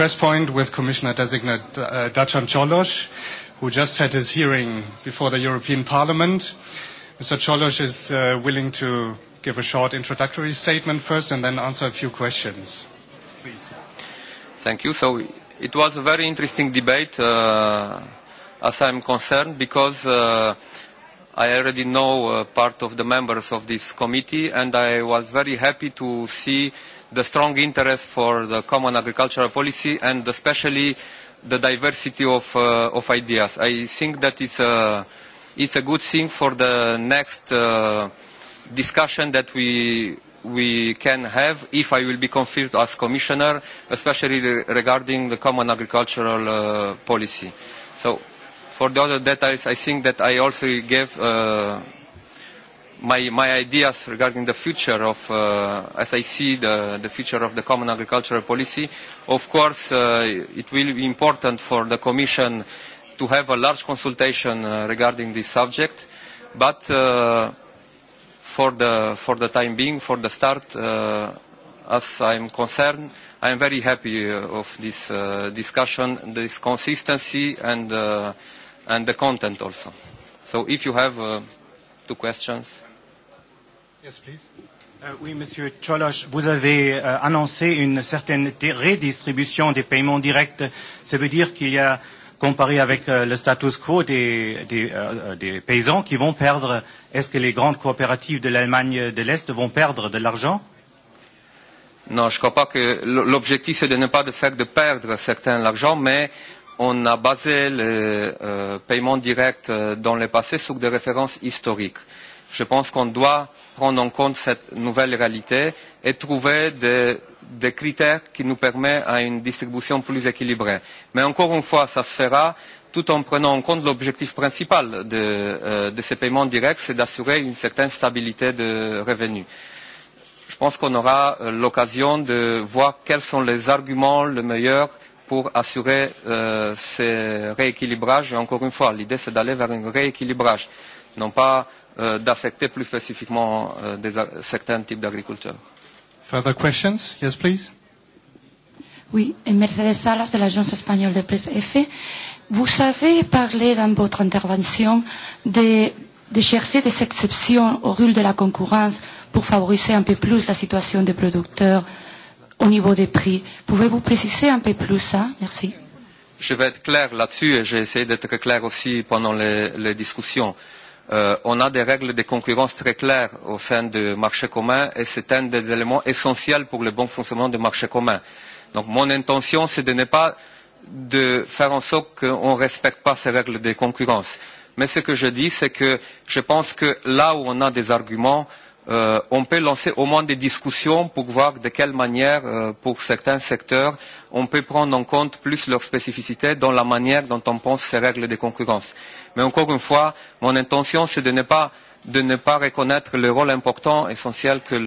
press point with Commissioner designate uh, Dacian Cholos, who just had his hearing before the European Parliament. Mr. Cholos is uh, willing to give a short introductory statement first and then answer a few questions. Please. Thank you. So it was a very interesting debate, uh, as I'm concerned, because uh, I already know uh, part of the members of this committee, and I was very happy to see uh, the strong interest for the common agricultural policy and especially the diversity of, uh, of ideas. I think that it's a, it's a good thing for the next uh, discussion that we, we can have if I will be confirmed as commissioner, especially re regarding the common agricultural uh, policy. So for the other details, I think that I also gave uh, my, my ideas regarding the future of, uh, as I see the, the future of the common agricultural policy. Of course, uh, it will be important for the Commission to have a large consultation uh, regarding this subject, but uh, for, the, for the time being, for the start, uh, as am concerned, I am very happy uh, of this uh, discussion, this consistency, and, uh, and the content also. So if you have uh, two questions. Yes, please. Uh, oui, Monsieur Cholos, vous avez euh, annoncé une certaine redistribution des paiements directs. Ça veut dire qu'il y a, comparé avec euh, le status quo des, des, euh, euh, des paysans qui vont perdre, est-ce que les grandes coopératives de l'Allemagne de l'Est vont perdre de l'argent Non, je ne crois pas que l'objectif, c'est de ne pas de faire de perdre certains l'argent, mais on a basé le euh, paiement direct dans le passé sur des références historiques. Je pense qu'on doit prendre en compte cette nouvelle réalité et trouver des, des critères qui nous permettent à une distribution plus équilibrée. Mais encore une fois, ça se fera tout en prenant en compte l'objectif principal de, euh, de ces paiements directs, c'est d'assurer une certaine stabilité de revenus. Je pense qu'on aura euh, l'occasion de voir quels sont les arguments les meilleurs pour assurer euh, ces rééquilibrages. Et encore une fois, l'idée, c'est d'aller vers un rééquilibrage, non pas euh, d'affecter plus spécifiquement euh, des, euh, certains types d'agriculteurs. Further questions? Yes, please. Oui, et Mercedes Salas de l'Agence espagnole de presse EFE. Vous avez parlé dans votre intervention de, de chercher des exceptions au rôle de la concurrence pour favoriser un peu plus la situation des producteurs au niveau des prix. Pouvez-vous préciser un peu plus ça Merci. Je vais être clair là-dessus et j'ai essayé d'être clair aussi pendant les, les discussions. Euh, euh, on a des règles de concurrence très claires au sein du marché commun et c'est un des éléments essentiels pour le bon fonctionnement du marché commun. Donc mon intention, c'est de ne pas de faire en sorte qu'on ne respecte pas ces règles de concurrence. Mais ce que je dis, c'est que je pense que là où on a des arguments, euh, on peut lancer au moins des discussions pour voir de quelle manière, euh, pour certains secteurs, on peut prendre en compte plus leurs spécificités dans la manière dont on pense ces règles de concurrence. Mais encore une fois, mon intention, c'est de ne pas de ne pas reconnaître le rôle important, essentiel que